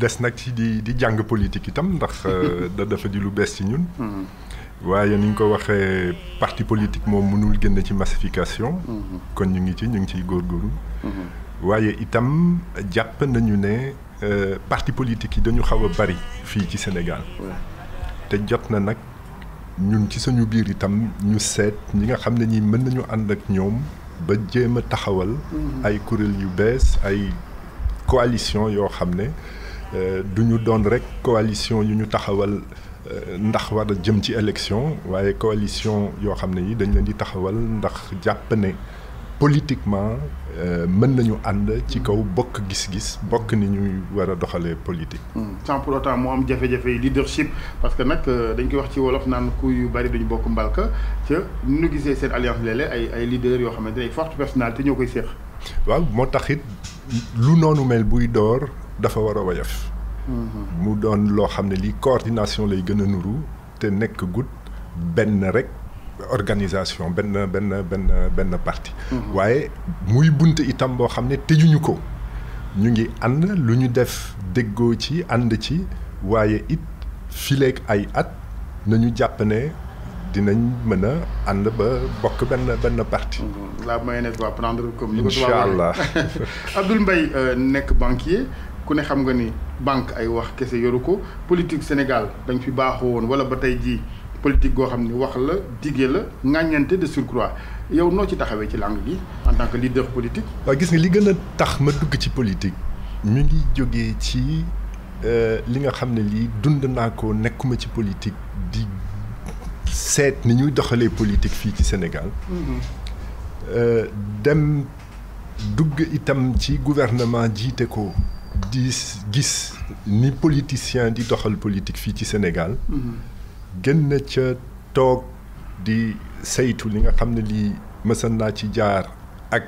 des nag di di politique itam ndax euh, dafa di lu ci ñun mhm. waaye ko parti politique ci massification mhm. kon ñu ngi ci ñu ngi mhm. waaye itam nañu Sénégal te jot na ñun ci suñu biir itam ñu seet ñi nga xam ne ñi a taxawal ay coalition euh, duñu doon rek coalition yu ñu taxawal euh, ndax war jëm ci élection waaye coalition yoo xam ne yi dañ leen di taxawal ndax jàpp ne politiquement euh, mën nañu ànd ci kaw bokk gis-gis bokk ni ñuy war a doxalee politique. Hmm. sans pour autant mu am jafe-jafe leadership parce que nag dañ koy wax ci wolof naan kuy yu bari duñu bokk mbalka te nu gisee seen alliance léeg ay ay leader yoo xamante ne ay forte personnalité ñoo koy séq. waaw moo tax it lu noonu mel buy door dafa war a woyof mhm. mu doon loo xam ne lii coordination lay gën a nuru te nekk gut benn rek organisation benn benn benn benn parti mhm. waaye muy bunt itam boo xam ne tëjuñu ko ñu ngi ànd lu ñu def déggoo ci ànd ci waaye it fileeg ay at nañu jàpp ne dinañ mën a ànd ba bokk benn benn parti. Mhm. la mayonnaise va prendre comme. incha allah Abdoul Mbaye euh, nekk banquier. ku ne xam nga ni banque ay wax kese yoru ko politique Sénégal dañ fi baaxoo woon wala ba tey jii politique goo xam ne wax la dige la ŋàññante de surcroît yow noo ci taxawee ci làng gi en tant que leader politique. waaw gis nga li gën a tax ma dugg ci politique ñu ngi jógee ci euh, li nga xam ne lii dund naa ko nekkuma ci politique di seet ni ñuy doxalee politique fii ci Sénégal. Mm-hmm. Euh, dem dugg itam ci gouvernement jiite ko. di gis ni politicien di doxal politique fi ci Sénégal mm-hmm. gën na ca toog di saytu li nga xam ne lii mësan naa ci jaar ak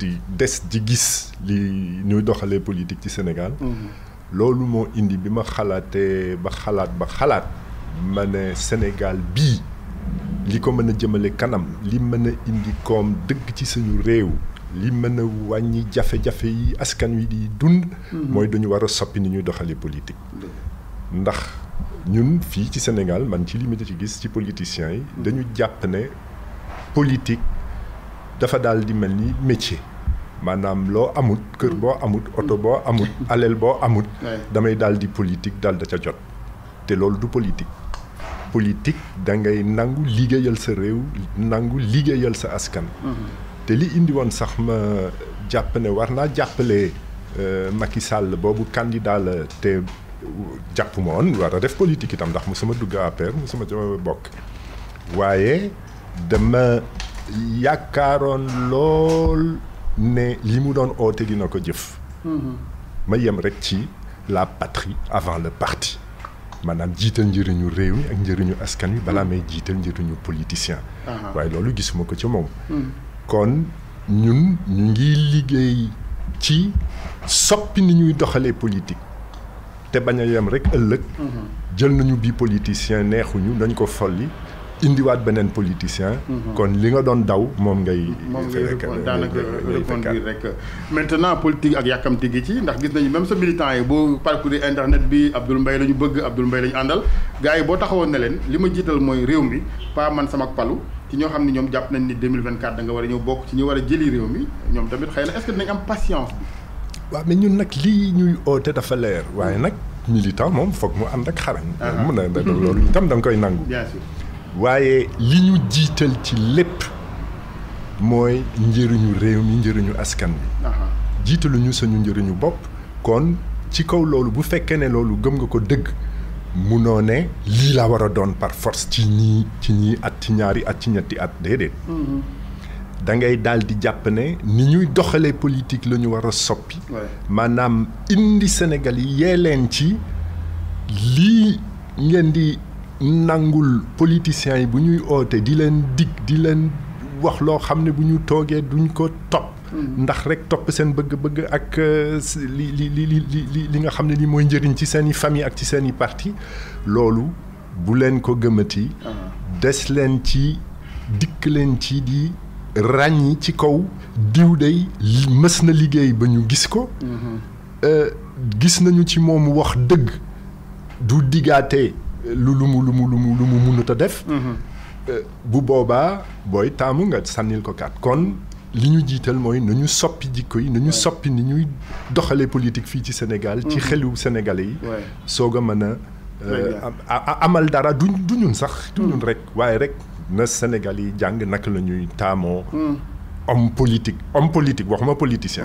di des di gis li ñuy doxalee politique ci Sénégal mm-hmm. loolu moo indi bi ma xalaatee ba xalaat ba xalaat ma Sénégal bi, li ko mën a jëmale kanam li mën indi koom dëgg ci suñu réew li mën a jafe-jafe yi askan wi di dund. Mhm. mooy dañu war soppi ni politique. ndax ñun fii ci Sénégal man ci li ci gis ci politiciens yi. Mhm. dañu jàpp ne politique dafa daal di mel métier. maanaam loo amut kër amut oto amut mhm. amut. damay daal di politique daal da ca jot. loolu du politique. politique da ngay nangu liggéeyal sa nangu askan te li indi won sax ma jàpp ne war naa jàppale euh, Macky Sall bobu candidat la té jàpp ma woon war def politique itam ndax mosuma dugg APR mosuma bok wayé dama yakaron lol né li mu oté dina ko jëf. Mhm. ma yem rek ci la patrie avant le parti maanaam jiital njëriñu réew mi ak njëriñu askan wi bala mhm. may jiital njëriñu politicien. waaye loolu gisuma ko ci moom. Mhm. kon ñun ñu ngi liggéey ci soppi ni ñuy doxalee politique te bañ a yem rek ëllëg. jël nañu bi politicien neexuñu dañ ko folli indiwaat beneen politicien. Mhm. kon li nga doon daw moom ngay. moom ngay daanaka répondre rek maintenant politique ak yàkkamti gi ci ndax gis nañu même sa militant yi boo parcourir internet bi Abdoul Mbaye la ñu bëgg Abdoul mbay la àndal gars yi boo taxawoon ne leen li ma jiital mooy réew mi pas man sama palu. ci ñoo xam ne 2024 da war war jëli réew est-ce que am patience wa mais ñun n'ak li Nous sommes des militants. Nous sommes militant moom foog mu ànd ak xarañ. Ah, ah. mun a loolu tam li ñu ci moy ñu réew mi askan bi ah, suñu ñu bop kon ci kaw loolu bu fekkee loolu ko munoo ne lii laa war a doon par force ci ñii ci ñii at ci ñaari at ci ñetti at déedéet. Mm-hmm. da ngay daal di jàpp ne ni ñuy doxalee politique la ñu war a soppi. maanaam indi Sénégal yi yee leen ci lii ngeen di nangul politiciens yi bu ñuy oote di leen dig di leen wax loo xam ne bu ñu toogee duñ ko topp. Mm-hmm. ndax rek topp seen bëgg-bëgg ak euh, li li li li li nga xam ne li mooy njëriñ ci seeni i ak ci seeni i parti loolu bu leen ko gëmati uh-huh. des leen ci dikk leen ci di ràññi ci kaw diw day mës na liggéey ba ñu gis ko mm-hmm. euh, gis nañu ci moom wax dëgg du diggaate lu lu mu lu mu lu mu lu a def mm-hmm. euh, bu boobaa booy taamu nga sànnil ko kat kon li ñu jiital mooy nañu soppi jikko yi nañu soppi ni ñuy doxalee politique fii ci Sénégal ci mhm. xelu Sénégalais yi soog a mën euh, a amal dara du du ñun sax du ñun mhm. rek waaye rek na sénégalais yi jàng naka la ñuy taamoo mhm. homme politique homme politique waxuma politicien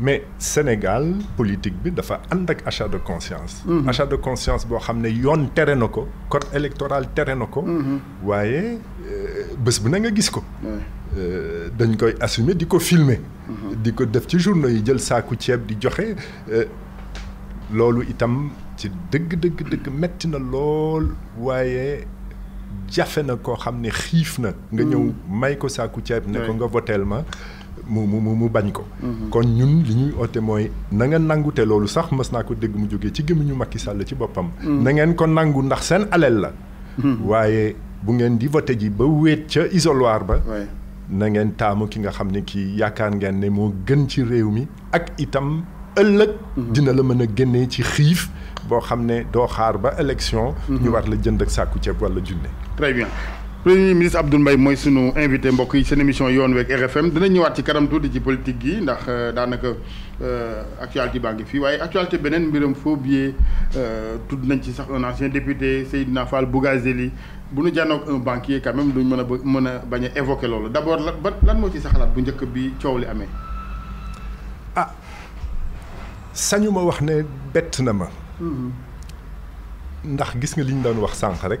mais Sénégal politique bi dafa and ak achat de conscience. Mhm. achat de conscience bo xamné yon terrainoko, tere électoral terrainoko. na ko. Mhm. Euh, bu na nga gis ko. Euh, dañ koy assumer diko filmer. Mhm. di ko def ci journaux yi jël saaku tiep di euh, lolu itam ci deug deug deug metti na lool wayé jafe na koo xam ne na. nga ñëw mm. may ko tiep ne ko nga ma. mu mu mu bañ ko. Mhm. kon ñun li ñuy oote mooy na ngeen nangu te loolu sax mës naa ko dégg mu jógee ci gémmiñu Macky Sall ci boppam. Mhm. na ngeen ko nangu ndax seen alal la. Mhm. waaye bu ngeen di vote ji ba wéet ca isoloir ba. na ngeen taamu ki nga xam ne ki yaakaar ngeen ne moo gën ci réew mi ak itam ëllëg. dina la mën a génnee ci xiif. boo xam ne doo xaar ba élection. ñu war la jënd ak sàkku ceeb wala junne. très premier ministre Abdoul Mbaye mooy sunu invité mbok yi cette émission yone avec RFM dina ñëwaat ci karam tout ci politique gi ndax euh, daanaka euh, actualité baa ngi fii waaye actualité beneen mbiram Faubier euh, tud nañ ci sax un ancien député Seydina Fall Bougazeli bu ñu jànnoog un banquier quand même duñ mëna a mën évoquer lolu d'abord lan lan moo ci sa xalaat bu njëkk bi ciowli amé ah sañuma wax né bett na ma. Mm-hmm. ndax gis nga liñ ñu doon wax sank rek.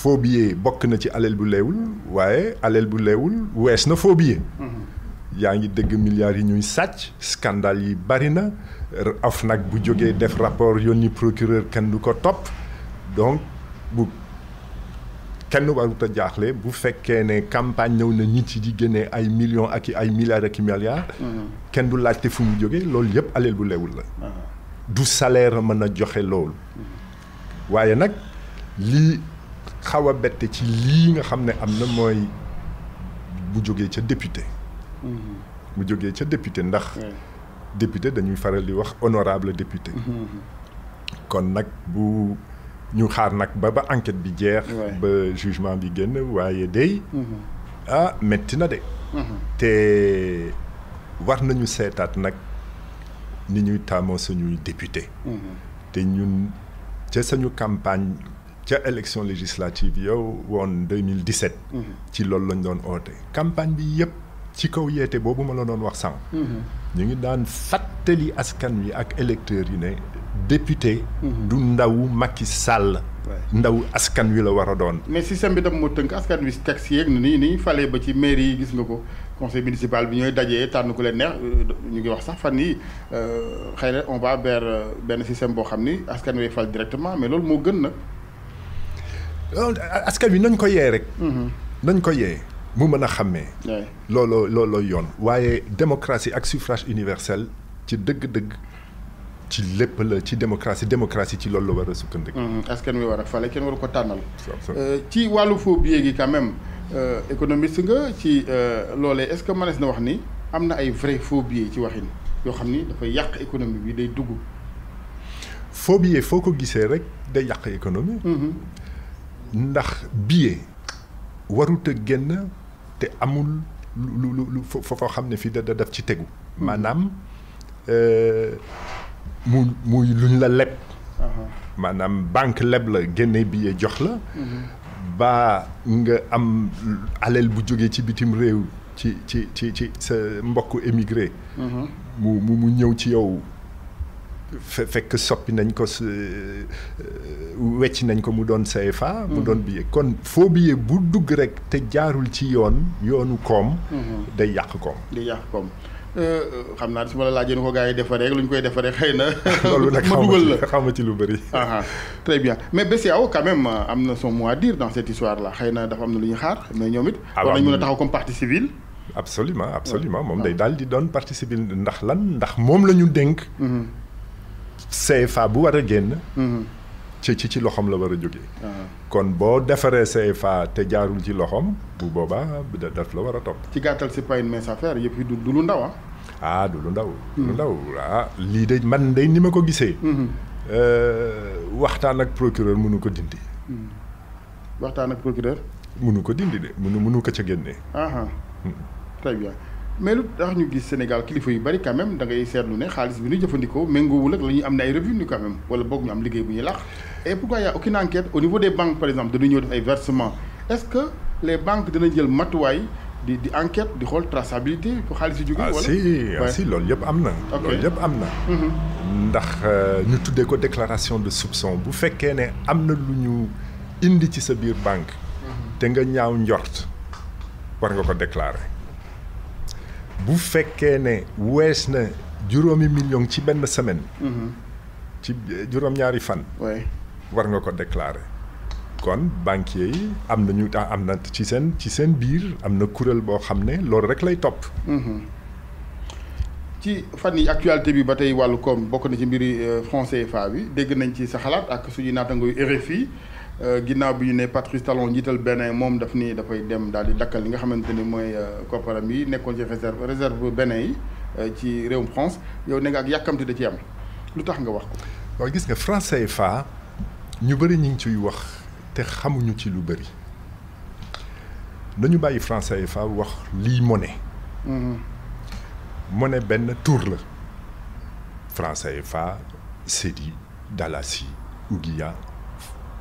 faux bok na ci alal bu leewul waaye alal bu leewul wees na faux billet mm-hmm. yaa ngi dégg milliards yi ñuy sacc scandale yi bari na OFNAC bu jógee def rapport yónni procureur kenn du ko top donc bu kenn warut ta jaxlé bu fekkee né campagne ñew na nit ci di gëné ay millions ak ay milliards ak i milliards mm-hmm. kenn du laajte fu mu jógee lool yépp alal bu leewul la mm-hmm. du salaire mëna joxé lool loolu nak li xaw a bette ci nga député mm-hmm. bu suis ci député ndax député dañuy faral honorable député mm-hmm. kon bu ñu xaar ba ba enquête bi ba jugement bi day mm-hmm. ah metti na député campagne ca élection législative yow won 2017. Mm-hmm. ci loolu lañ doon oote. campagne bi yépp ci kaw yété bobu ma la doon wax sànq. Mm-hmm. ñu ngi daan fatali askan wi ak électeur yi né député. Mm-hmm. du ndawu Macky Sall. ndaw askan wi la wara doon. mais système bi tam mo teunk askan wi tax yeeg nii nii falee ba ci mairie gis nga ko conseil municipal bi ñoy dajé tan ku leen neex ñu ngi wax sax fan yii euh, xëy on va vers ben système bo xamni askan wi fal directement mais loolu mo gën nak askan wi nañ ko yee rek. nañ ko yee mu mën a xàmmee. looloo looloo yoon. waaye démocratie ak suffrage universel ci dëgg-dëgg. ci lépp la ci démocratie démocratie ci loolu la war a sukkandiku. askan mm-hmm. wi war a fale kenn waru ko tànnal. Euh, ci wàllu faux billets gi quand même euh, économiste nga ci euh, loolee est-ce que manes na wax ni am na ay vrai faux billets ci waxin yoo xam ni dafay yàq économie bi day dugg. faux billets foo ko gisee rek day yàq économie. Mm-hmm. ndax billet warut a génn te amul lu lu lu foo xam ne fii da da def ci tegu. Hmm. maanaam euh, mu muy luñ la leb. Uh-huh. maanaam banque leb la génne billet jox la. Mm-hmm. ba nga am alal bu jógee ci bitim réew ci ci ci ci sa mbokk émigré. Mm-hmm. mu mu ñëw ci yow. fekk soppi nañ ko eh, wecc nañ ko mu doon CFA. mu mm-hmm. doon billet kon faux e billet bu dugg rek te jaarul ci yoon yoonu koom. Mm-hmm. day yàq koom. day eh, yàq koom xam naa su ma la laajee nu ko gars yi defaree rek lu ñu koy defaree xëy na. loolu nag xaw ma ci lu bëri. très bien mais Bessiao quand même euh, am na son mot à dire dans cette histoire là xëy na dafa am na lu ñuy xaar mais ñoom it. Ah, war nañ mën a taxaw comme partie civile. absolument absolument moom day daal di doon partie civile ndax lan ndax moom la ñu dénk. Mm-hmm. CFA bu war a génn. Mhm. ci ci ci loxoom la war a jóge uh-huh. kon boo defaree CFA te jaarul ci loxoom bu boobaa daf la war a topp. ci gàttal si pas une mince affaire yëpp yi du lu ndaw ah. ah. du lu ndaw. lu mhm. ndaw ah, lii de man de ni ma ko gisee. Mhm. Euh, waxtaan ak procureur mënu ko dindi. waxtaan ak procureur. mënu ko dindi de mënu mënu ko ca génne. Uh-huh. mais lu tax ñu gis Sénégal kilifa yu bari quand même da ngay seetlu ne xaalis bi ñu jëfandikoo méngoowul ak la ñuy am ne ay revenu quand même wala boog ñu am liggéey bu ñuy lax et pourquoi y a aucune enquête au niveau des banques par exemple dañu ñëw def ay versement est-ce que les banques dina jël matuwaay di di enquête di xool traçabilité pour xaalis yu jóge. Ah, wala ah si ah si loolu yëpp am na. loolu yëpp am na. Mhm. ndax euh, ñu tuddee ko déclaration de soupçon bu fekkee ne am na lu ñu indi ci sa biir banque. Mhm. te nga ñaaw njort war nga ko déclarer bu fekkee ne wees na juróomi million ci ben semaine. Mhm. ci juróom-ñaari fan. war nga ko déclarer. kon banquier yi am na ñu am na ci seen ci seen biir am na kuréel boo xam rek lay topp. Mhm. ci fan actualité bi batay walu comme bokk na ci mbiri euh, français fa bi dégg nañ ci sa xalaat ak suñu naataangooyu RFI. Euh, ginnaaw bi ñu ne Patrice Talon njiital Bénin moom daf ni dafay dem daal di dakkal li nga xamante ni mooy kopparam euh, yi nekkoon ci réserve réserve Bénin yi euh, ci réewum France yow ne nga ak yàkkamti da ci am lu tax nga wax ko. gis nga franc fa ñu bëri ñu ngi ciy wax te xamuñu ci lu bëri nañu bàyyi franc fa wax lii monnaie. Mm-hmm. monnaie benn tour la france franc CFA cedi dalasi ouguiya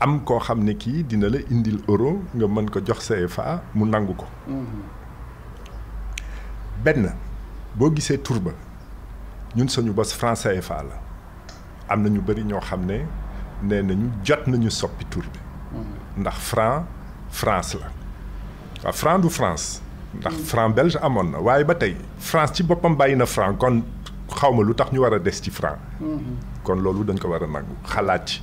am koo xam ne kii dina la indil euro nga mën ko jox sa CFA mu nangu ko. benn boo gisee tur ba ñun suñu bos franc CFA la am na ñu bëri ñoo xam ne nee nañu jot nañu soppi tur ndax franc France la waaw franc du France. ndax franc belge amoon na waaye ba tey France ci boppam bàyyi na franc kon xaw ma lu tax ñu war a des ci franc. Mm-hmm. kon loolu dañ ko war a nangu xalaat ci.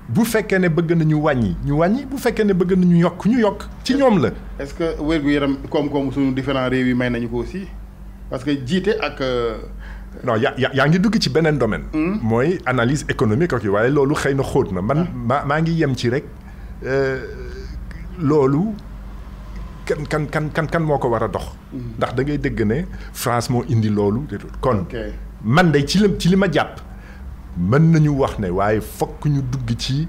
bu fekkee ne bëgg nañu wàññi ñu wàññi bu fekkee ne bëgg nañu yokk ñu yokk ci ñoom la. est-ce que wér-gu-yaram koom-koom suñu différent réew yi may nañu ko aussi parce que jiite ak. Euh, non ya yaa ngi dugg ci beneen domaine. Hmm? mooy analyse économique ak yi waaye loolu xëy na xóot na man ah. maa maa ngi yem ci rek euh, loolu kan kan kan kan kan moo ko war a dox. Hmm. ndax da ngay dégg ne France moo indi loolu. kon man de ci li ci li ma jàpp mën nañu wax ne waaye fokk ñu dugg ci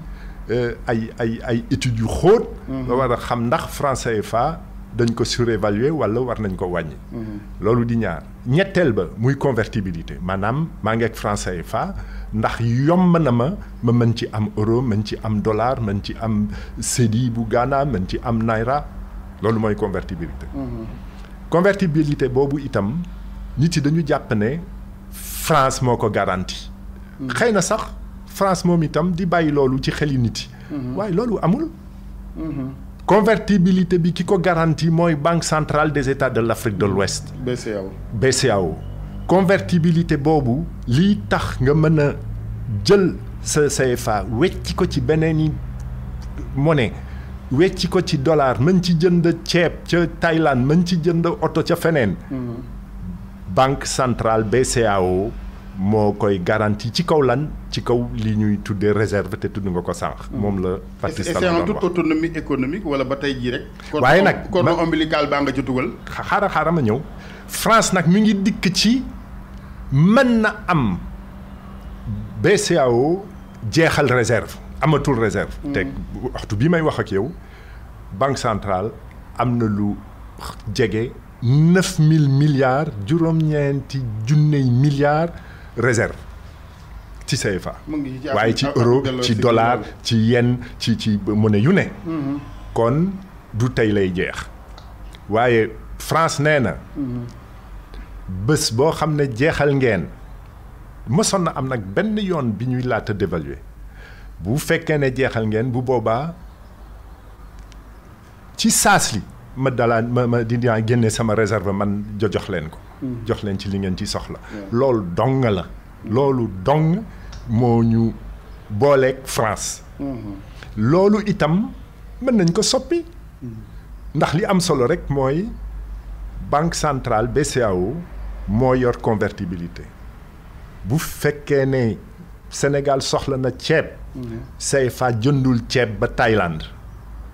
euh, ay ay ay études yu xóot. Mhm. ba war a xam ndax français CFA dañ ko surévaluer wala war nañ ko wàññi. Mhm. loolu di ñaar ñetteel ba muy convertibilité maanaam maa ngi ak franc CFA ndax yomb na ma ma mën ci am euro mën ci am dollar mën ci am cedi bu Ghana mën ci am naira loolu mooy convertibilité. Mhm. convertibilité boobu itam nit yi dañu jàpp ne France moo ko garanti xëy na sax France moom itam di bàyyi loolu ci xel nit yi. Mhm. waaye loolu amul. Mhm. convertibilité bi ki ko garantie mooy banque centrale des états de l' Afrique de l' Ouest. BCAO. convertibilité boobu lii tax nga mën a jël sa CFA wecci ko ci beneen i monnaie wecci ko ci dollar mën ci jënd ceeb ca Thaïlande mën ci jënd oto ca feneen. Mhm. banque centrale BCAO moo koy garanti ci kaw lan ci kaw li ñuy tuddee réserve te tudd nga ko sànq. Mm. moom la Fatou Sall en toute autonomie économique wala ba tay jii rek. waaye nag cordon ombilical baa nga ci tugal. xaaral xaaral ma ñëw France nag mi ngi dikk ci mën na am BCEAO jeexal réserve amatul réserve. Mm. te waxtu bi may wax ak yow banque centrale am na lu jege neuf mille milliards juróom-ñeenti junney milliards. reserve ci say CFA. waaye ci euro ci dollar ci yenn ci ci monnaie yu ne. Mm-hmm. kon du tey lay jeex. waaye France nee na. Mm-hmm. bés boo xam ne jeexal ngeen mësoon na am nag benn yoon bi ñuy laata dévaluer bu fekkee ne jeexal ngeen bu boobaa ci saas li ma dalaan ma ma dinaa génne sama réserve man jojox leen ko. jox leen ci li ngeen ci soxla. loolu dong la. loolu dong moo ñu booleeg France. Mm-hmm. loolu itam mën nañ ko soppi. Mm-hmm. ndax li am solo rek mooy banque centrale BCEAO moo yor convertibilité bu fekkee ne senegal soxla na ceeb. Mm-hmm. CFA jëndul ceeb ba Thaïlande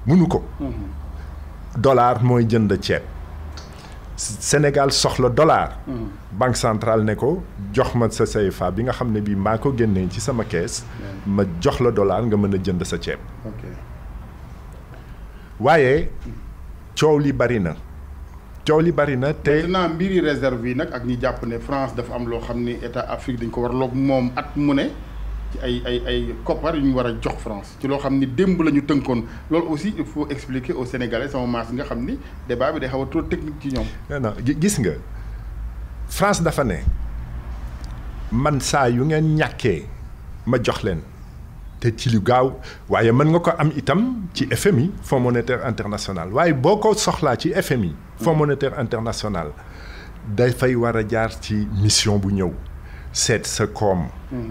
munu ko. dollar mooy jënd ceeb. Sénégal soxla dollar. Mm. banque centrale ne ko jox ma sa CFA bi nga xam ne bii maa ko génnee ci sama kees. ma jox la dollar nga mën a jënd sa ceeb. waaye coow li bari na. coow li bari na te maintenant mbiri réserve yi nag ak ñi jàpp ne France dafa am loo xam ne état Afrique dañ ko war loog moom at mu ne. ci ay ay ay koppar yu ñu jox France ci loo xam ni démb la aussi il faut expliquer aux Sénégalais sama maas nga xam ni débat bi day xaw trop technique ci non non gis nga France dafa ne man sa yu ngeen ñaké ma jox leen té ci lu gaaw waye man nga ko am itam ci FMI Fonds monétaire international waye boo soxla ci FMI. Fonds monétaire international dafay fay wara jaar ci mission bu ñew set sa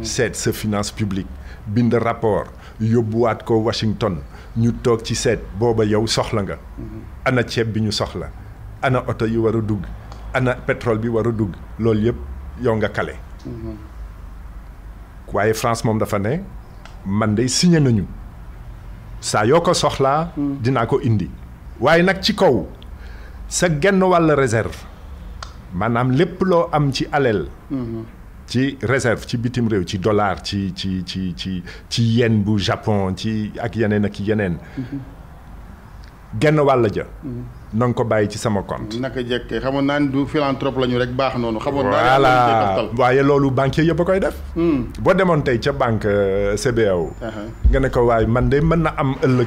set ce sa finance publique de rapport yóbbuwaat ko Washington New Talk ci set, Boba yow soxla nga. ana ceeb bi ñu soxla ana auto yu ana pétrole bi war dug, dugg yow nga kale. France mom dafa Signe man day signé nañu Sa ko ko indi. Waye nak ci kaw sa genn réserve Manam lepp lo am ci ci reserve ci bitim réew ci dollar ci ci ci ci ci yen bu Japon ci ak yeneen ak yeneen. Mhm. genn wàll ja. Mhm. na ko bàyyi ci sama compte. naka jekk xamoon naa ne du philanthrope la ñu rek baax noonu. xamoon naa ne waaye loolu banquier yëpp koy def. Hmm. boo demoon tey ca banque euh, CBAO. Uh-huh. nga ne ko waaye man de mën na am ëllëg.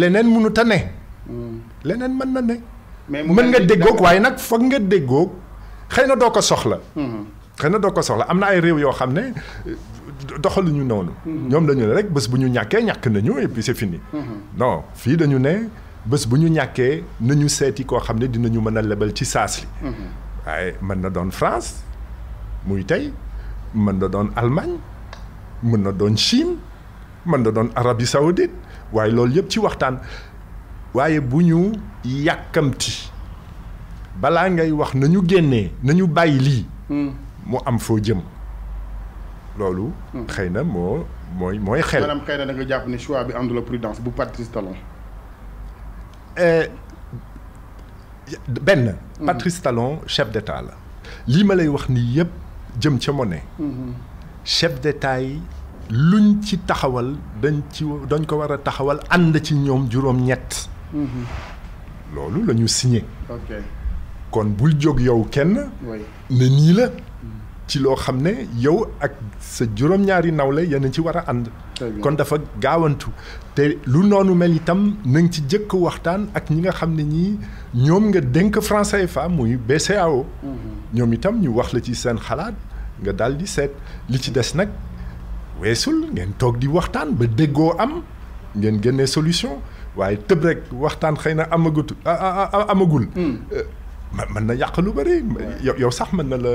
leneen mënut a ne. Hmm. leneen mën na ne. mën nga déggoog waaye nag foog nga déggoog xëy na soxla. Hmm. xëy na doo soxla am ay réew yoo xam ne doxaluñu noonu. Hmm. ñoom dañu ne rek bu ñu nañu et puis c'est fini. non fii dañu ne bés bu ñu ñàkkee nañu seeti koo xam ne dinañu mën a ci saas li. mën na France muy tey mën na doon Allemagne mën na Chine mën na doon Arabie Saoudite waaye loolu yëpp ci waxtaan waaye bu ñu yàkkamti ngay wax nañu génnee nañu bàyyi hmm. mu am jëm hmm. xel nga choix bi prudence bu Patrice Talon eh, hmm. Patrice Talon chef d'état la lii wax chef d'état luñ ci taxawal dañ ci ko war a taxawal ànd ci ñoom juróom-ñett. Mhm. loolu lañu ñu kon bul jóg yow kenn. ne nii la. Mhm. ci loo xam ne yow ak sa juróom-ñaari nawle yenn ci war a ànd. kon dafa gaawantu te lu noonu mel itam na nga ci jëkk waxtaan ak ñi nga xam ne ñii ñoom nga dénk franc CFA muy BCEAO. Mhm. ñoom itam ñu wax la ci seen xalaat nga daal di seet li ci des nag. wessul ngeen tok di waxtaan ba déggoo am ngeen genné solution waaye tëb rek waxtaan xëy na amagut amagul. Hmm. Euh, mën na yàq lu bari yow sax mën na la.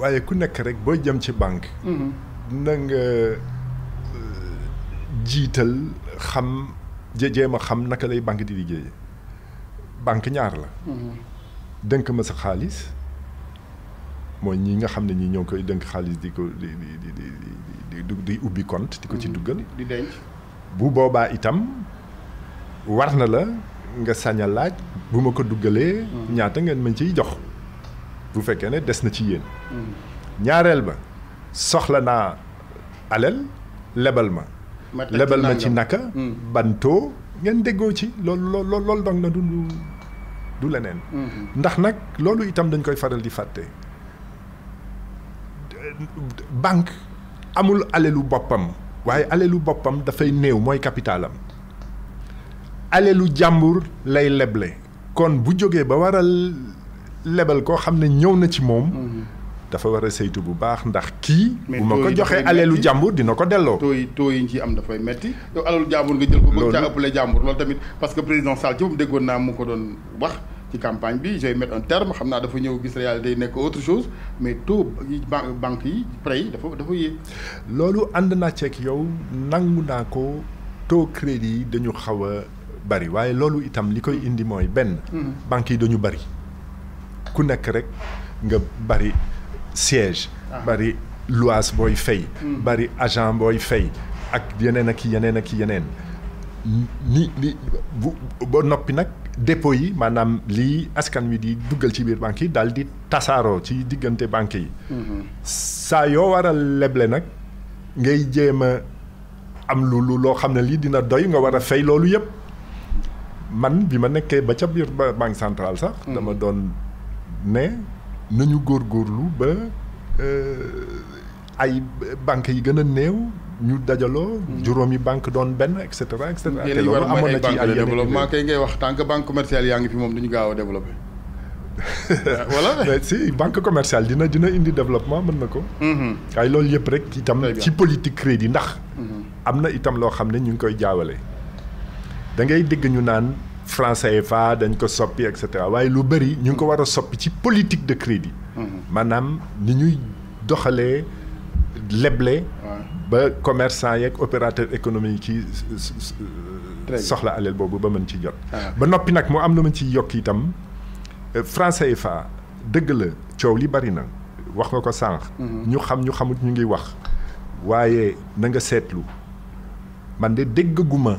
waaye ku nekk rek booy jëm ci banque. Mhm. na nga euh, jiital xam jéem a xam naka lay banque di liggéeyee banque ñaar la. Mhm. dënk ma sa xaalis mooy ñi nga xam ne ñi ñoo koy dënk xaalis di ko di di di di di ubbi compte. di ko ci mhm. duggal bu boobaa itam war na la nga sañ laaj bu ma ko duggalee. ñaata ngeen mën ciy jox. bu fekkee ne des na ci yéen. ñaareel ba soxla naa alal lebal ma. lebal ma ci naka. Mm. bantoo ngeen déggoo ci loolu loolu loolu na du du leneen. Mm-hmm. ndax nag loolu itam dañ koy faral di fàtte. banque amul alelu boppam waaye alelu boppam dafay néew mooy capitalam alelu jàmbur lay leble kon bu jógee ba waral. lebal ko xam ñew na ci mom mhm. dafa wara seytu bu baax ndax ki bu ma ko joxee aleelu jàmbur dina ko delloo. taux yi ci yi ñu ciy am dafay metti do alelu jambour nga jël ko bëgg caa ëppale jambour lool tamit parce que président Sall ci moom déggoon naa mu ko don wax. ci campagne bi j'ai mettre un terme xamna dafa ñew gis réalité nek autre chose mais tout, banque yi prêt yi dafa dafa yéeg. loolu ànd naa ceeg yow nangu nako, ko taux crédit dañu xawa bari waye loolu itam likoy mm. indi moy ben mm. banque yi dañu bari. ku nekk rek nga bari siège ah. bari luwaas booy fay hmm. bari agent booy fay ak yeneen ak yeneen ak yeneen ni li bu ba noppi nag dépo yi maanaam li askan wi di duggal ci biir banque yi daal di tasaaroo ci diggante banque yi hmm. saa yoo war a leble nag ngay jéem a am lu lu loo xam ne lii dina doy nga war a fay loolu yëpp man bi ma nekkee ba ca biir banque centrale sax hmm. dama doon ne nañu góorgóorlu ba euh, ay banques yi gën a néew ñu dajaloo. Hmm. juróomi banque doon benn et cetera et cetera. te loolu amoon na ci ay développement ngay wax tant que banque commerciale yaa ngi fi moom du ñu gaaw a développé. voilà si banque commerciale dina dina indi développement mën na ko. Hmm. waaye loolu yëpp rek itam ci politique crédit ndax. Hmm. am na itam loo xam ne ñu ngi koy jaawale. da ngay ñu naan. france AFA, dañ ko soppi et cetera waaye lu bëri ñu ngi ko war soppi ci politique de crédit. manam mhm. ni ñuy doxalee leble. ba commerçant yeeg opérateur économique yi soxla aleel boobu ba mën ci jot. Ah ba noppi nag mu am lu mën ci yokk itam euh, franc CFA dëgg la coow li bari na wax nga ko mhm. ñu xam ñu xamut ñu ngi wax. waaye na nga seetlu man de déggaguma.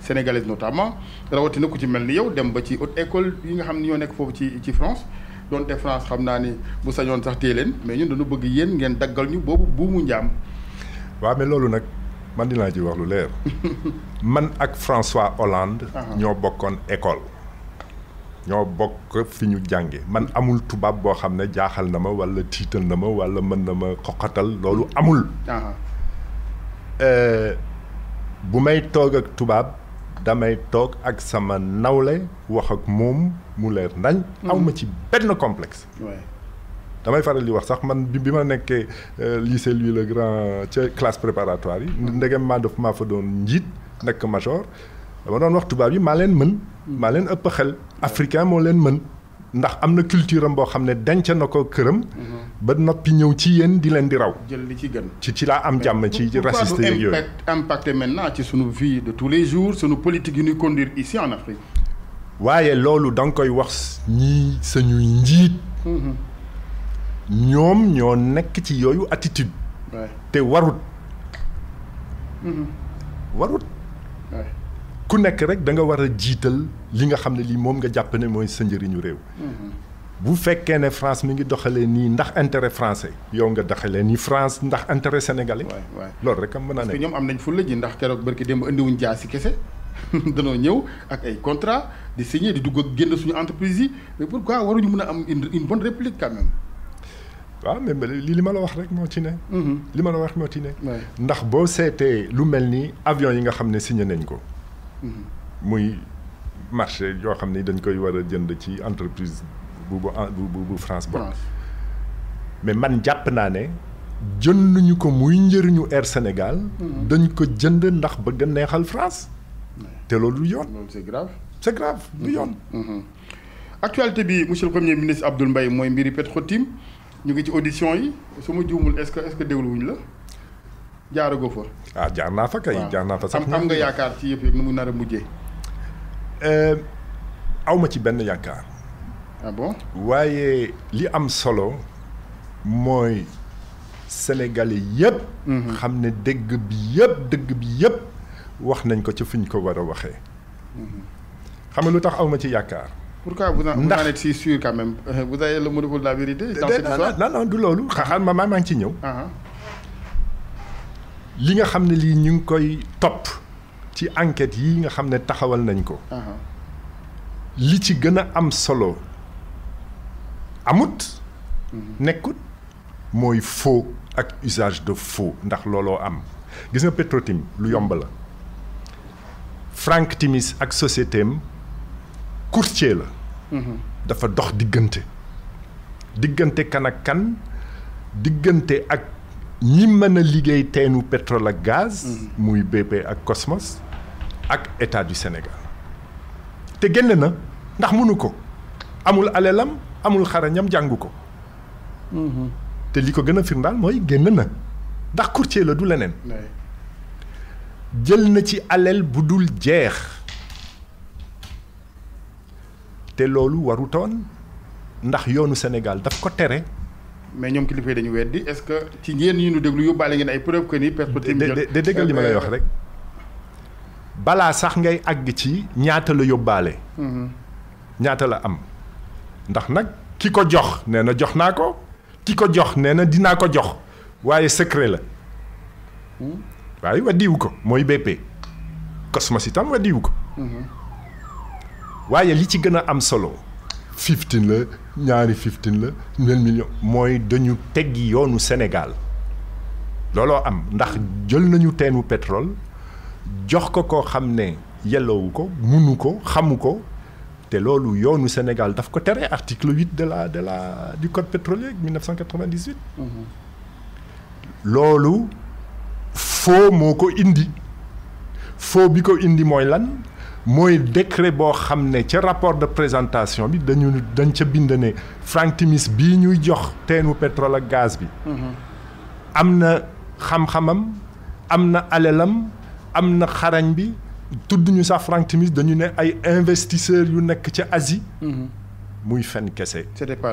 sénégalaise notamment rawati ku ci melni yow dem ba ci haute école yi nga xamni ni ñoo nekk foofu ci ci France donte France xamna ni bu sañon sax téye leen mais ñun dañu bëgg yeen ngeen daggal ñu boobu buumu ndiam wa mais lolu nak man dina ci wax lu leer man ak François Hollande. Ah ah. ñoo bokkon école. ñoo bokk fi ñu jànge man amul tubaab boo xam ne jaaxal na ma walla tiital na ma walla mën na ma xoqatal loolu amul. Ah euh, bu may toog ak tubaab. damay toog ak sama nawle wax ak moom mu leer ndañ. Mm. aw ma ci benn complexe. damay faral di wax sax man bi ma nekkee euh, lycée Louis le Grand ca classe préparatoire yi. Mm. ndegem maa def maa fa doon njiit nekk major. dama doon wax tubaab yi maa leen mën. Mm. maa leen ëpp xel. africain moo leen mën. ndax am na culture am boo xam ne denc na ko këram. Mhm. ba noppi ñëw ci yéen di leen di raw. jël li ci gën ci ci laa am jàmm ci racistes yeeg yooyu. impacté maintenant ci sunu vie de les jours sunu politique yu ñuy conduire ici en Afrique. waaye loolu danga koy wax ñii sañuy njiit. Mhm. ñoom ñoo nekk ci yooyu attitude. te warut. Mhm. warut. ku nek rek da nga war a jiital li nga xam ne lii moom nga jàpp ne mooy sa njëriñu réew. Mm-hmm. bu fekkee ne France mi ngi doxalee nii ndax intérêt français yow nga doxalee nii France ndax intérêt sénégalais. waay loolu rek am mën a nekk. ñoom am nañ fulla ji ndax keroog barki démb wuñ jaa si kese danoo ñëw ak ay contrat di signé di dugg ak génn suñu entreprise yi mais pourquoi waruñu mën a am une bonne réplique quand même. waaw mais li li ma la wax rek moo ci ne. Mm-hmm. li ma la wax moo ci ne. ndax boo seetee lu mel ni avion yi nga xam ne signé nañ ko muy marché yo xam dañ koy wara jënd ci entreprise bu bu bu France bokk mais man jàpp naa ne jënduñu ko muy njëriñu Air Sénégal mhm. dañ ko jënd ndax bëgg neexal France té loolu du yoon c'est grave c'est grave du mhm. yoon mhm. actualité bi monsieur le premier ministre Abdoul Mbaye moy mbiri Petro-Tim ñu ngi ci audition yi suma djumul est-ce que est-ce que wuñ la jaaragoo fa. ah jaar naa fa kay jaar naa fa sax. am nga yaakaar ci yëpp nu mu nar a mujjee. Eh, aw ma ci benn yaakaar. Ah bon waaye li am solo mooy sénégalais yëpp. Mhm. xam ne dëgg bi yëpp dëgg bi yëpp wax nañ ko ci fuñ ko war a waxee. Mhm. xam nga lu tax aw ma ci yaakaar. pourquoi vous en êtes si sûr quand même la vérité dans cette du loolu xaaxaan ma maa ngi ci ñëw. Ah ah. li nga xam ne lii ñu ngi koy topp ci enquête yi nga xam ne taxawal nañ ko li ci gën am solo amut mhm. nekkut mooy faux ak usage de faux ndax looloo am gis nga Petrotim lu yomb Frank Timis ak société am courtier la mhm. dafa dox diggante diggante kan ak kan diggante ak ñi mën a liggéey teenu pétrole ak gaz. Mhm. muy BP ak Cosmos ak état du Sénégal. te génn na ndax mënu ko amul alelam amul xarañam jàng ko. Mhm. te li ko gën a firndaal mooy génn na ndax courtier la du leneen. jël na ci alal bu dul jeex te loolu warutoon ndax yoonu senegal daf ko tere. mais ñoom kilifa yi dañu weddi que ci ngeen yi ñu déglu yóbbaale ngeen ay preuve que ni perspective li ma lay wax rek balaa sax ngay àgg ci ñaata la yóbbaale mhm. ñaata la am ndax nag ki ko jox nee na jox naa ko ki ko jox nee na dinaa ko jox waaye secret la waaye weddiwu ko mooy BP Cosmos itam weddiwu ko mhm. waaye li ci gën a am solo 15 la ñaari 15 la mille millions moy dañu teggi yoonu Sénégal Lolo, am ndax jël nañu teenu pétrole jox ko ko xamné ne ko munu ko xamu ko té lolu yoonu Sénégal daf ko téré article 8 de la de la du code pétrolier 1998. Mhm. lolu faux moko indi faux bi ko indi moy lan. mooy décret boo xam ne ca rapport de présentation bi dañu dañ ca bind ne Frank Timis bii ñuy jox teenu pétrole ak gaz bi mm-hmm. am na xam-xamam am na alelam am na xarañ bi tudd ñu sax Frank Timis dañu ne ay investisseurs yu nekk ca Asie mm-hmm. muy fen kese c'était pas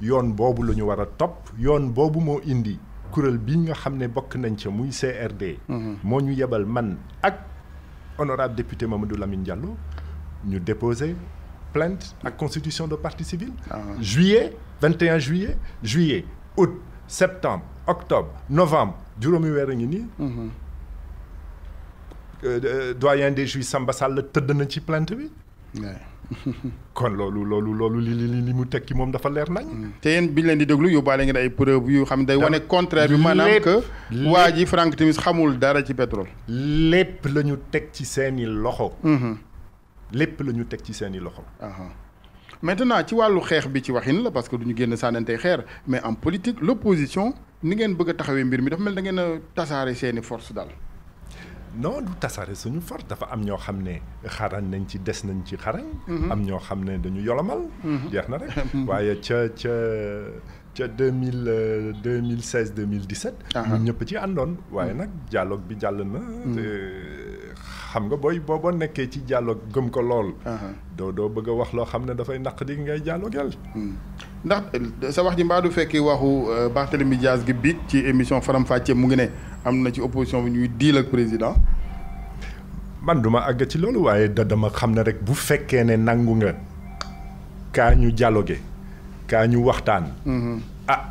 yoon boobu la ñu war a topp yoon boobu moo indi kuréel bi nga xam ne bokk nañ ca muy CRD. Mhm. moo ñu yebal man ak honorable député Mamadou Lamine Diallo ñu déposé plainte ak constitution de partie civile. Ah juillet 21 juillet juillet août septembre octobre novembre juróomi weer a ngi nii. Mhm. Euh, euh, doyen des juges Samba Sall tëdd na ci plainte bi. kon loolu loolu loolu li li li mu tekki moom dafa leer nañ. Mm. te yéen bi ñu leen di déglu yóbbaale ngeen ay preuve yu xam day wane contraire bi maanaam que waa ji Frank Timis xamul dara ci pétrole. lépp la ñu teg ci seeni loxo. Mm-hmm. lépp la ñu teg ci seeni loxo. Uh-huh. maintenant ci wàllu xeex bi ci waxin la parce que duñu ñu génn sànnante xeer mais en politique l'opposition ni ngeen bëgg a taxawee mbir mi dafa mel da ngeen a tasaare seeni force daal. non du suñu for dafa am ñoo xam ne xarañ nañ ci des nañ ci xarañ. Mhm. am ñoo xam ne dañu yolomal. Mhm. jeex na rek mhm. waaye ca ca ca deux mille euh, deux mille seize deux mille dix sept. ñun ñëpp ci àndoon. waaye nag dialogue bi jàll na. xam nga booy boo nekkee ci dialogue gëm ko lool. doo doo bëgg wax loo xam ne dafay naq di ngay dialogueel. ndax euh, sa wax ji mbaa du fekki waxu euh, Barthélémy Dias gi biig ci émission faram mu ngi ne. am na ci opposition bi ñuy diil ak président. man ma àgg ci loolu waaye da dama xam ne rek bu fekkee ne nangu nga kaa ñu dialogué kaa ñu waxtaan. Mhm. a ah,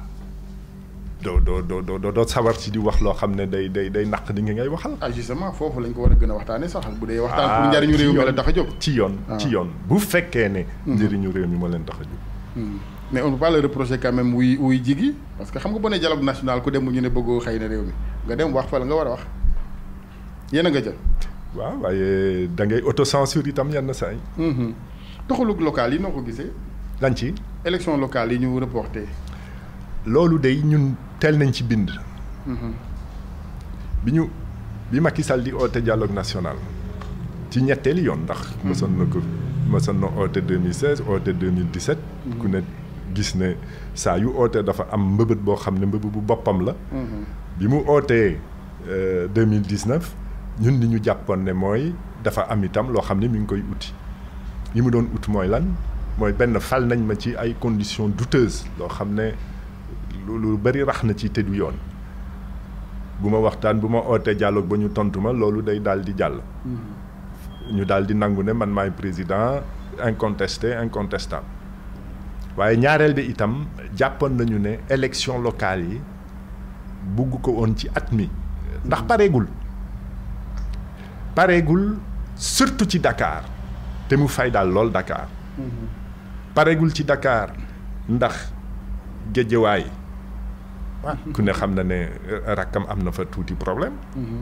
doo doo doo doo doo sawar si di wax loo xam ne day day day naq di nga ngay waxal. ah justement foofu lañ ko war a gën a waxtaanee sax bu dee waxtaan pour ah, njëriñu réew mi la tax a jóg. ci yoon ah. ci yoon bu fekkee ne. Mhm. njëriñu réew mi moo leen tax a jóg. Hmm. mais on peut pas le reprocher quand même wuy wuy jigi parce que xam nga boo nee dialogue national ku dem ñu ne bëggoo xëy na réew mi. nga dem wax fa nga war wax a nga jël. waaw waaye da ngay autocensure itam yenn mhm. local yi noo ko gisee. lan élection locale yi ñu reporté. loolu day ñun teel nañ ci bind. Mhm. bi ñu bi Macky di dialogue national. ci ñetteeli yoon ndax. Mhm. mosoon na ko 2016 oote 2017. ku ne gis ne saa yu oote dafa am bi mu en euh, 2019 ñun ni ñu jàppoon ne dafa am itam lo mi koy uti don ut lan moy fal nañ ma ci ay conditions douteuses lo lu lu ci yoon dialogue day daldi di mm-hmm. man maay président incontesté incontestable waye ñaarel itam Japon nañu né élection locale bugg ko atmi, ci at mi ndax paregul paregul surtout ci dakar te mu fay lol dakar paregul ci dakar ndax way ah. ku ne xam na ne euh, rakam amna fa touti problème mm-hmm.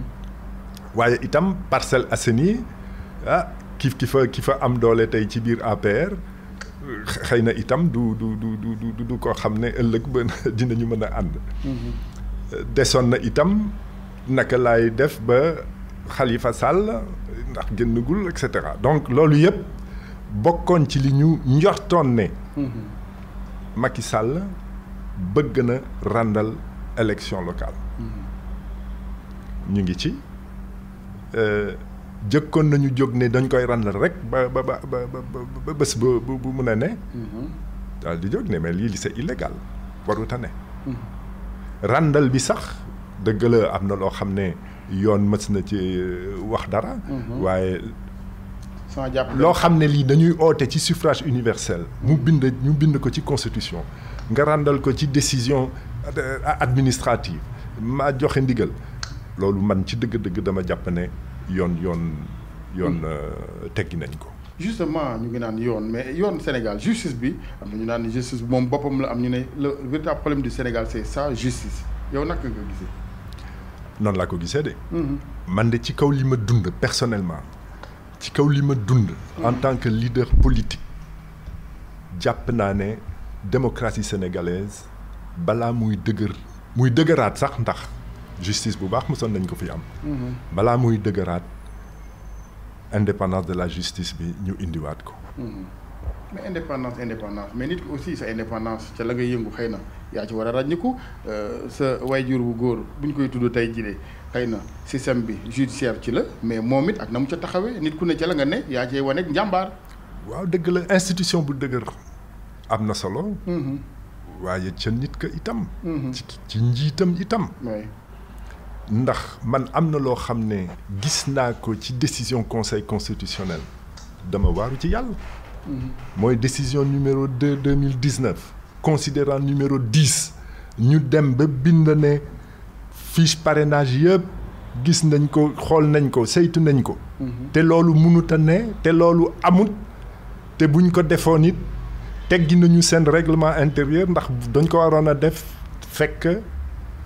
waye itam parcel aseni, ah, kif kifa kifa am doole tay ci bir APR xeyna itam du du du du du ko xamne ëlëk ben dinañu meuna and mm-hmm. desoon na itam naka lay def ba Khalifa Sall ndax gennugul et cetera donc loolu yeb bokkon ci li ñu njortoon Macky Sall bëgg na ràndal élection locale. ñu ngi ci euh jëkkoon nañu jóg ne dañ koy ràndal rek ba ba ba ba bés bu bu mun a ne. Mhm. daal di jóg ne mais li c'est illégal waru a ne. Mhm randal bi sax dëgg la am na loo ne yoon mës na ci euh, wax dara. Mhm. waye sans jàpp loo xam ne dañuy oté ci suffrage universel. mu bind ñu bind ko ci constitution. nga randal ko ci décision euh, administrative ma joxe ndigal loolu man ci deug deug dama japp ne yoon yoon yoon mm. euh, teggi nañ ko justement ñu ngi naan mais yoon Sénégal justice bi am na ñu naan justice moom boppam la am ñu le véritable problème du Sénégal c'est ça justice yow naka nga gisee. noonu laa ko gisee de. Mhm. man de ci kaw li ma dund personnellement ci kaw li ma dund. en tant que leader politique jàpp naa ne démocratie sénégalaise bala muy dëgër muy degeurat sax ndax justice bu baax son nañ ko fi am. Mhm. Bala muy degeurat, indépendance de la justice bi ñu indiwaat ko. Hmm. mais indépendance indépendance mais nit ki aussi sa indépendance ca la ngay yëngu xëy na yaa ci war a ràññiku euh, sa jur wu góor bu ñu koy tudd tey jii xëy na système bi judiciaire ci la mais moom it ak na mu ca taxawee nit ku ne ca la nga ne yaa cee waneeg njàmbaar. waaw dëgg la institution bu dëgër am na solo. Hmm. waaye ca nit ka itam. Hmm. ci ci njiitam itam. ndax man am na loo xam décision conseil constitutionnel dama waaru ci décision numéro 2 2019 considérant numéro 10, ñu dem ba bind ne fiche parrainage yëpp gis nañ ko xool nañ ko saytu nañ ko. Mhm. ne amut buñ ko nit teggi nañu règlement intérieur ndax dañ ko def fekk.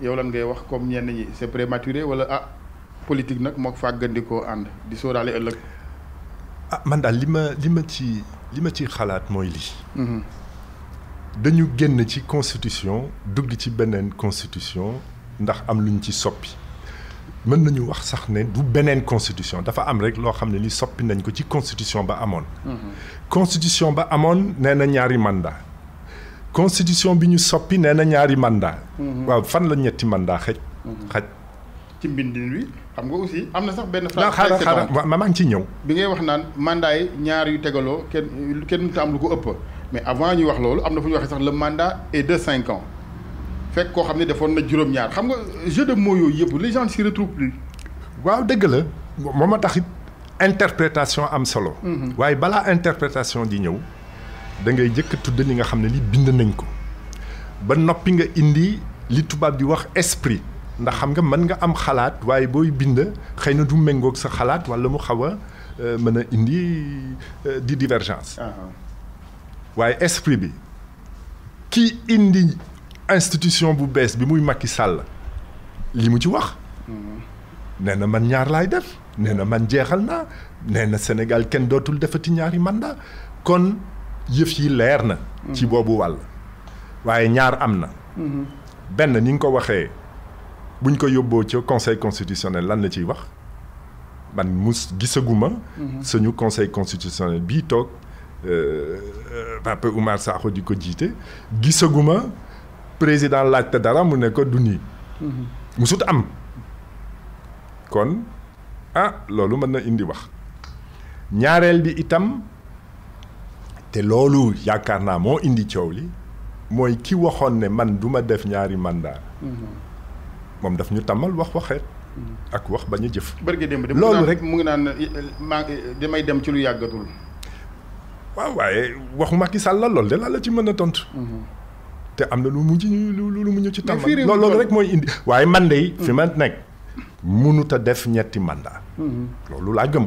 yow lan ngay wax comme ñenn ñi c'est prématuré wala ah politique nag mook fàggandikoo ànd di sóoraale ëllëg. ah man daal li ma li ma ci li ma ci xalaat mooy lii. Mm-hmm. dañu génn ci constitution dugg ci beneen constitution ndax am luñ ci soppi mën nañu wax sax ne du beneen constitution dafa am rek loo xam ne li soppi nañ ko ci constitution ba amoon. Mm-hmm. constitution ba amoon nee na ñaari man mandat constitution bi ñu soppi nee na ñaari mandat mhm. waaw fan la ñetti mandat xaj mhm. xaj ci mbindin wi xam nga aussi am na sax benn phrase xaaral xaaral ma maa ngi ciy ñëw bi ngay wax naan mandat yi ñaar yu tegaloo kenn kenn mënta am lu ko ëpp mais avant ñu wax loolu am na fu ñu waxee sax le mandat est de cinq ans fekk koo xam ne defoon na juróom-ñaar xam nga jeu de mots yooyu yëpp les gens s'y retrouvent plus waaw dëgg la moom a taxit interprétation am solo mhm. waaye balaa interprétation di ñëw da ngay jëkk tudd li nga xam ne li bind nañ ko ba noppi nga indi li tubaab di wax esprit ndax xam nga man nga am xalaat waaye booy bind xëy na du méngoog sa xalaat wala mu xaw a euh, indi euh, di divergence ah, ah. waaye esprit bi ki indi institution bu bees bi muy Macky Sall li mu ci wax mm-hmm. nee man ñaar laay def nee man jeexal naa nee na Sénégal kenn dootul defati ñaari mandat kon yëf yi leer na. ci boobu wàll. waaye ñaar am na. Mhm. benn ni nga ko waxee buñ ko yóbboo ci conseil constitutionnel lan la ciy wax man mus gisaguma. Mhm. suñu conseil constitutionnel bii toog euh, euh, Pape Oumar Sakho di ko jiite gisaguma président laajte dara mu ne ko du nii. Mhm. musut am. kon ah loolu mën na indi wax ñaareel bi itam. te loolu yaakaar naa moo indi coow li mooy ki waxoon ne man duma def ñaari mandat moom daf ñu tàmmal wax waxeet ak wax bañ a jëf loolu rek mu ngi naan eh, maa eh, damay dem ci lu yàggatul waaw waaye waxu Macky Sall la loolu de laa la ci mën a tontu mhm. te am na lu mu ci lu mu ñu ci tàmmal rek mooy indi waaye man de mhm. fi ma nekk mënut a def ñetti mandat mhm. loolu laa gëm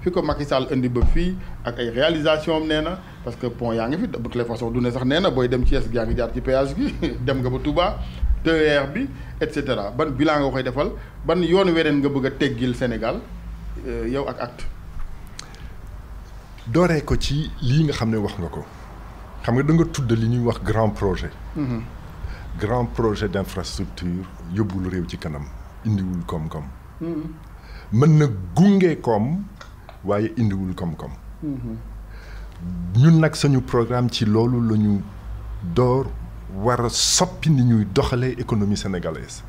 fi ko Macky Sall indi ba fii ak ay réalisation parce que pont yaa ngi fi les façons sax dem ci péage gi dem nga ba Touba TER bi et cetera ban bilan nga koy defal ban Sénégal euh, yow acte ko ci li nga xam wax nga ko xam nga da nga grand projet mhm. grand projet d'infrastructure yóbbul réew ci kanam mhm. mën na waaye indiwul koom-koom. Mhm. ñun nag suñu programme ci loolu la ñu door war soppi ni ñuy doxalee économie sénégalaise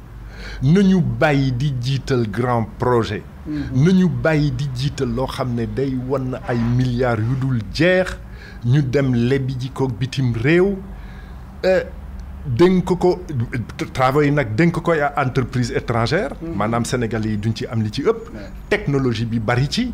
ñu bàyyi di jiital grand projet. Mhm. nañu bàyyi di jiital loo xam ne day wan ay milliards yu dul jeex ñu dem lebi ji ko bitim réew. Eh, dénk ko travail nag dënk koy à entreprise étrangère. Mhm. maanaam sénégal yi duñ ci am li ci ëpp. technologie bi bari ci.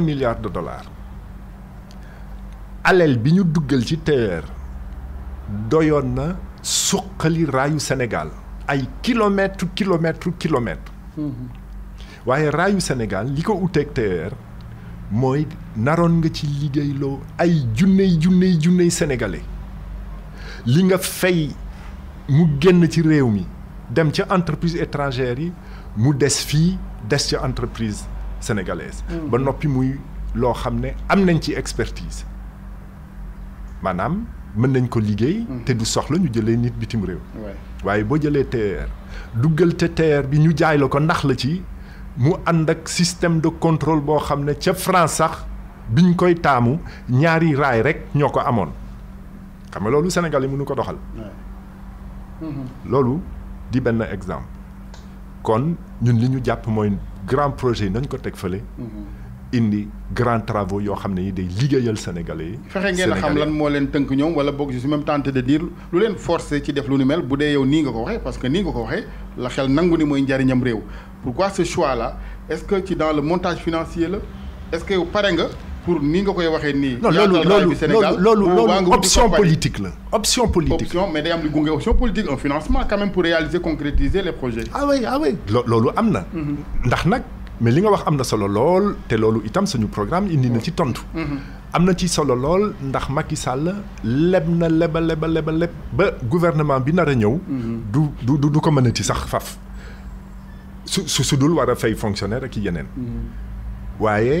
milliard de dollars alal bi ñu duggal ci TER doyoon na suqali au Sénégal ay kilomètre kilomètre kilomètre waaye rayu Sénégal li ko uteeg TER mooy naroon nga ci liggéeyloo ay junney junney junney sénégalais li nga fay mu génn ci réew dem entreprise étrangère yi mu des fii des entreprise sénégalaise. ba nopi muy lo xamné am nañ ci expertise Manam, mën nañ ko liggéey. Mm. té du soxla ñu jëlé nit bitim réew. waye bo jëlé TER duggal té TER bi ñu jaay la ko ndax la ci mu and ak système de contrôle bo xamné ci France sax biñ koy taamu ñaari raay rek ñoko amone xam Sénégal yi mënu ko doxal. lolu di ben exemple kon ñun li ñu japp moy grand projet yi nañ ko teg fële. indi grand travaux yoo xam ne yi day liggéeyal sénégalais yi. fexe ngeen a xam lan moo leen tënk ñoom wala boog je même tenté de dire lu leen forcé ci def lu ni mel bu dee yow nii nga ko waxee parce que nii nga ko waxee la xel nangu ni mooy njariñam réew. pourquoi ce choix là est-ce que ci dans le montage financier la est-ce que yow pare nga pour ni nga koy waxee nii. loolu lolu lolu lolu option politique la. option politique option mais day am lu gunge option politique un financement quand même pour réaliser concrétiser les projets. ah oui ah oui lolu amna. Mhm. ndax nak mais li nga wax amna solo lool té lolu itam suñu programme indi na ci tontu. Mhm. Mhm. amna ci solo lool ndax Macky Sall leb na leba leba leba leb ba gouvernement bi nara ñëw. du du du du ko mënati sax faf su su dul wara fay fonctionnaire ak yenen waaye.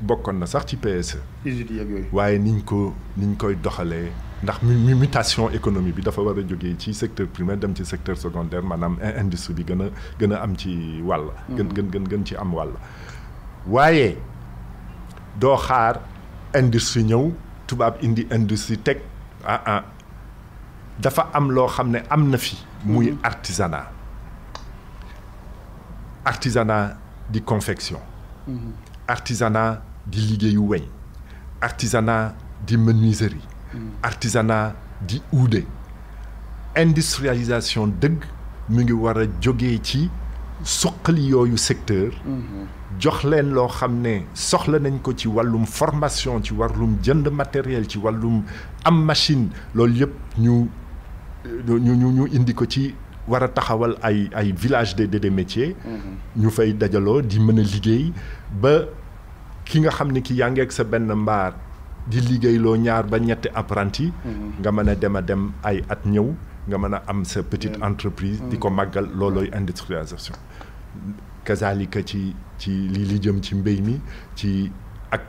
bokkon na sax ci e. yoy waye niñ ko niñ koy doxale ndax mutation économie bi dafa wara a ci secteur primaire dem ci secteur secondaire manam industrie bi gëna gëna am ci wàll. Mm-hmm. gën gën gën gën ci am wàll. waye doo xaar industrie ñew tubab indi industrie tech, ah ah dafa am lo xam ne am na fi. muy mm-hmm. artisanat artisanat di confection. Mm-hmm. artisanat di liggéeyu weñ artisanat di menuiserie mm. artisanat di uude industrialisation dëgg mu ngi war a jógee ci suqali yooyu secteur mm-hmm. jox leen loo xam ne soxla nañ ko ci wàllum formation ci wàllum jënd matériel ci wàllum am machine loolu yëpp ñu ñu ñu ñu indi ko ci war taxawal ay ay village de de métiers mm-hmm. ñu fay dajaloo di mën a liggéey ba ki nga xam ne ki yaa ngi ak sa benn mbaar di liggéeyloo ñaar ba ñetti apprenti mhm. nga mën a dem a dem ay at ñëw nga mën a am sa petite mhm. entreprise di mhm. ko màggal loolooy industrialisation kazalika ci ci lii li jëm ci mbéy mi ci ak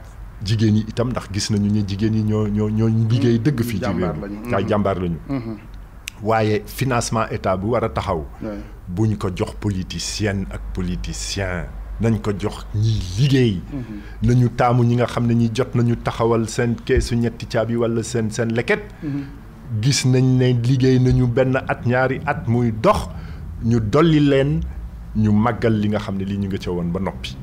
jigéen yi itam ndax gis nañu ne jigéen yi ñoo ñoo ñoo liggéey dëgg fii ci réew mi ay jàmbaar lañu waaye financement état bu war a taxaw buñ ko jox politicienne ak politicien nañ ko jox ñi liggéey. Mhm. nañu taamu ñi nga xam ne ñi jot nañu taxawal seen keesu ñetti caabi walla seen seen leket. Mhm. gis nañ ne liggéey nañu benn at ñaari at muy dox ñu dolli leen ñu màggal li nga xam ne lii ñu nga ca woon ba noppi.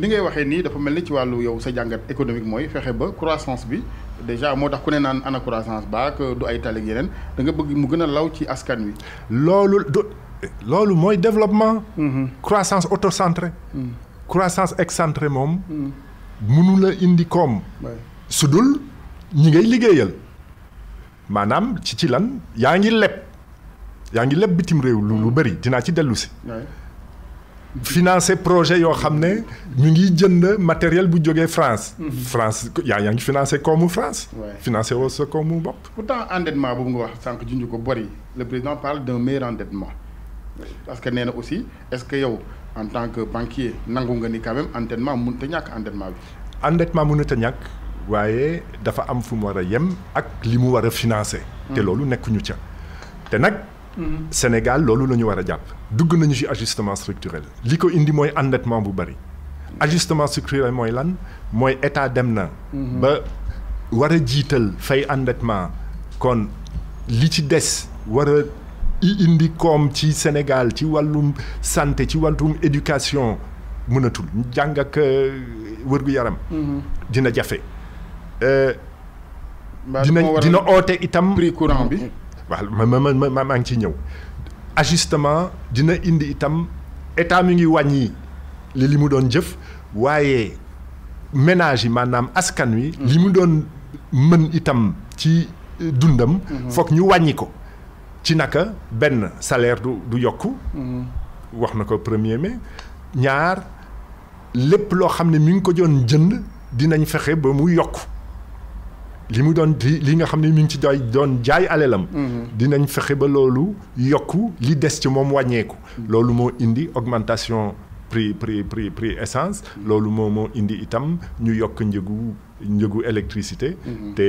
li ngay waxee nii dafa mel ni ci wàllu yow sa jàngat économique mooy fexe ba croissance bi déjà moo tax ku ne naan ana croissance baak du ay tali yeneen da bëgg mu gën a law ci askan wi. loolu du. loolu mooy développement. Mm-hmm. croissance autocentrée. Mm-hmm. croissance excentrée moom. mënu mm-hmm. la indi koom. su dul ñi ngay liggéeyal maanaam ci ci lan yaa ngi leb yaa ngi leb bitim réew lu lu bëri dinaa ci dellu si. financer projet yoo xam ne ñu ngi jënd matériel bu jógee France. France yaa yaa ngi financé koomu France. financé woo sa koomu bopp. pourtant endettement boobu nga wax sànq junj ko bor le président parle d'un meilleur endettement parce que nee aussi est-ce que yow en tant que banquier nangu ni quand même endettement mënut a ñàkk endettement bi. endettement mënut te ñak wayé dafa am fu mu war yem ak limu wara financer. te mm. loolu nekkuñu ca te mm-hmm. Sénégal lolu lañu wara war dugg nañu ci ajustement structurel Liko indi moy endettement bu bari. ajustement structurel moy lan Moy état demna mm-hmm. ba wara a fay endettement kon li ci dess war indi comme, ci Sénégal ci Walum santé ci Walum éducation mënatul jang ak euh, wërgu yaram. Mhm. dina jafe. Euh, dina dina oté itam. prix courant bi. waaw ma ma ma ma ngi ajustement dina indi itam état mi ngi wañi li limu doon jëf wayé ménage manam, askan wi. Mhm. li doon mën itam ci euh, dundam. Mhm. fokk ñu wañi ko ci naka salaire du du yokku mm-hmm. na ko premier mai ñaar lepp lo xamné mi ngi ko dinañ ba mu yokk li mu doon li nga xamné mi ngi ci mm-hmm. ba lolu li ci mm-hmm. indi augmentation prix prix prix prix essence lolu mo indi itam ñu yokk njëgu électricité te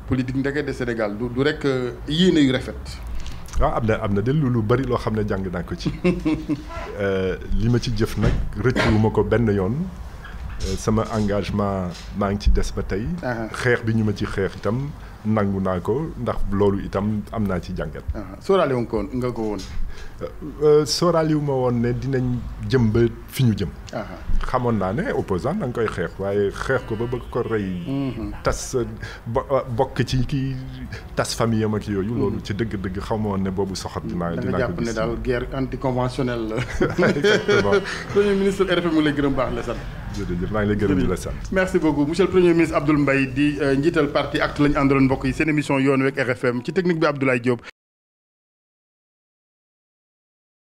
politique ndeke de Sénégal du du rek euh, yéene yu rafet. waaw am na am na de lu bari loo xam ne jàng naa ko ci euh, li ma ci jëf nag rëccuwuma ko benn yoon euh, sama engagement maa ngi ci des ba tey. Ah. xeex bi ñu ma ci xeex itam nangu naa ko ndax loolu itam am naa ci jàngat. Ah. sóoraale nga ko woon. Euh, euh, sóoraale wu ma woon ne dinañ jëm ba fi ñu jëm. xamoon naa ne opposant da nga koy xeex waaye xeex ko ba bëgg ko rey. Mhm. tas euh, bokk ci ki tas famille am ak yooyu. loolu mhm. ci dëgg-dëgg xamoon ne boobu soxat dinaa dinaa ko gis. da ne daal guerre anticonventionnelle la. exactement premier ministre RFM mu lay gërëm baax la sant. jërëjëf maa ngi lay gërëm di la sant. merci beaucoup monsieur le premier ministre Abdoul Mbaye di njiital parti acte lañ ñu àndaloon mbokk yi seen émission yoon wek RFM ci technique bi Abdoulaye Diop.